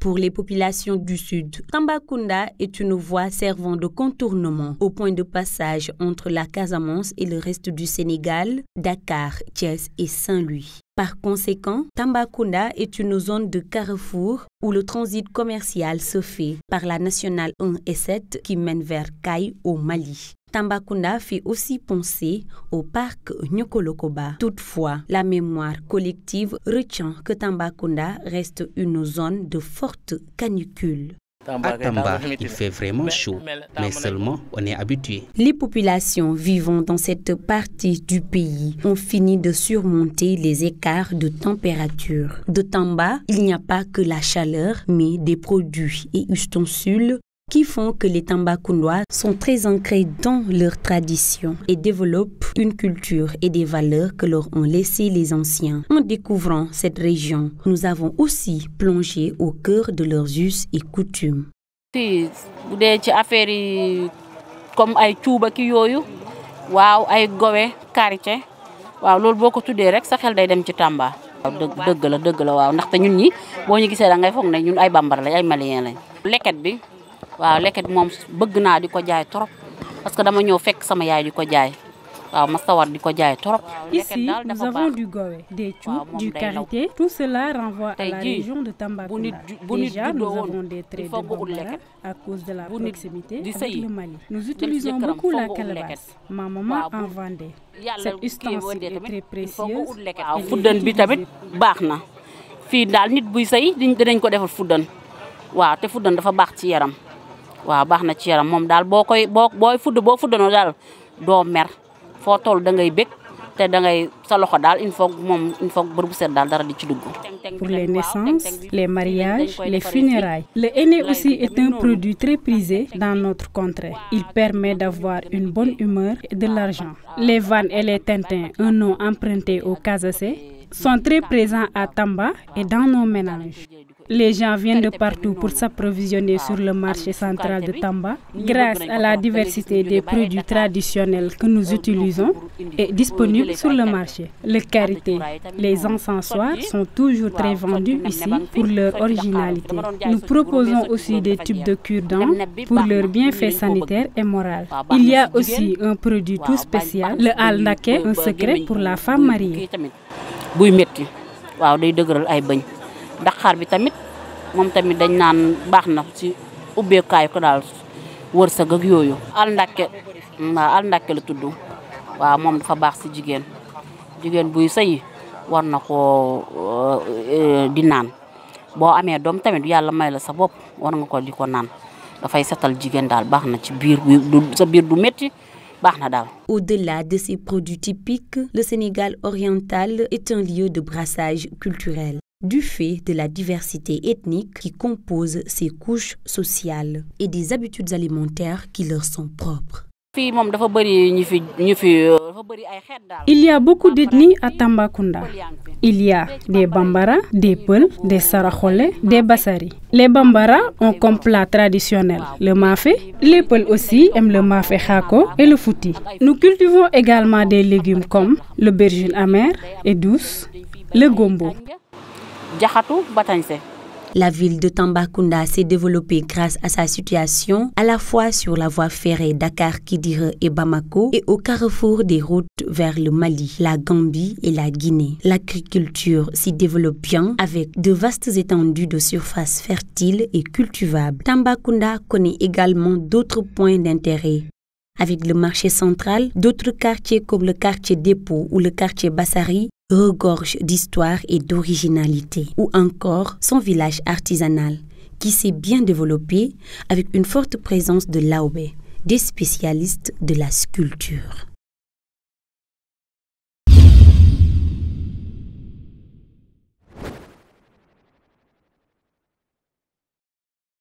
pour les populations du sud. Tambacounda est une voie servant de contournement au point de passage entre la Casamance et le reste du Sénégal, Dakar, Thiès et Saint-Louis. Par conséquent, Tambacounda est une zone de carrefour où le transit commercial se fait par la nationale 1 et 7 qui mène vers Caille au Mali. Tambacounda fait aussi penser au parc Nyokolokoba. Toutefois, la mémoire collective retient que Tambacounda reste une zone de forte canicule. À Tamba, il fait vraiment chaud, mais seulement on est habitué. Les populations vivant dans cette partie du pays ont fini de surmonter les écarts de température. De Tamba, il n'y a pas que la chaleur, mais des produits et ustensiles qui font que les Tambacoundois sont très ancrés dans leurs traditions et développent une culture et des valeurs que leur ont laissées les anciens. En découvrant cette région, nous avons aussi plongé au cœur de leurs us et coutumes. comme ay cuuba ki yooyu waaw ay gowe quartier waaw loolu boo ko tuddee rek sa xel day dem ci Tamba. waaw dë dëgg la dëgg la waaw ndaxte ñun ñi boo ñu gisee da ngay foog ñun ay bambara la ay malien la. leket bi waaw leket moom bëgg naa di ko jaay trop parce que dama ñëw fekk sama yaay di ko jaay waaw ma sawar di ko jaay trop. Ici, nous avons du goé, des choux, du karité. Tout cela renvoie à la région de Tambacounda. Déjà, nous avons des traits de bambara à cause de la proximité avec le Mali. Nous utilisons beaucoup la calebasse. Ma maman en vendait. Cette ustensile est très précieuse. waaw fuddan bi tamit baax na fii daal nit buy sëy dinañ ko defal fuddan waaw te fuddan dafa baax ci yaram waaw baax na ci yaram moom daal boo koy boo booy fudd boo fuddanoo daal doo mer foo toll da ngay bég te da ngay sa loxo daal une fois moom une fois bërëb bu set daal dara di ci dugg. pour les naissances les mariages les funérailles. le aîné aussi est un produit très prisé dans notre contrée. il permet d'avoir une bonne humeur et de l'argent. les vannes et les tintins un nom emprunté au casacé sont très présents à Tamba et dans nos ménages. Les gens viennent de partout pour s'approvisionner sur le marché central de Tamba grâce à la diversité des produits traditionnels que nous utilisons et disponibles sur le marché. Le karité, les encensoirs sont toujours très vendus ici pour leur originalité. Nous proposons aussi des tubes de cure-dents pour leur bienfait sanitaire et moral. Il y a aussi un produit tout spécial, le alnake, un secret pour la femme mariée. buy métti waaw day dëgëral ay bëñ daqaar bi tamit moom tamit dañ naan baax na ci ubbeekaay ko daal wërsëg ak yooyu al ndàkke waaw al ndàkke la tudd waaw moom dafa baax si jigéen jigéen buy say war na koo eh, eh, di naan boo amee doom tamit yàlla may la sa bopp war nga ko di ko naan dafay setal jigéen daal baax na ci biir du métti Au-delà de ces produits typiques, le Sénégal oriental est un lieu de brassage culturel du fait de la diversité ethnique qui compose ces couches sociales et des habitudes alimentaires qui leur sont propres. Il y a beaucoup d'ethnies à Tambacounda il y a des Bambara, des poules, des sarahole, des Bassari. Les Bambara ont comme plat traditionnel le mafé. Les poules aussi aiment le mafé khako et le fouti. Nous cultivons également des légumes comme le bergine amer et douce, le gombo. La ville de Tambacounda s'est développée grâce à sa situation, à la fois sur la voie ferrée Dakar-Kidire et Bamako et au carrefour des routes vers le Mali, la Gambie et la Guinée. L'agriculture s'y développe bien avec de vastes étendues de surfaces fertiles et cultivables. Tambacounda connaît également d'autres points d'intérêt avec le marché central, d'autres quartiers comme le quartier Dépôt ou le quartier Bassari regorge d'histoire et d'originalité, ou encore son village artisanal, qui s'est bien développé avec une forte présence de laobé, des spécialistes de la sculpture.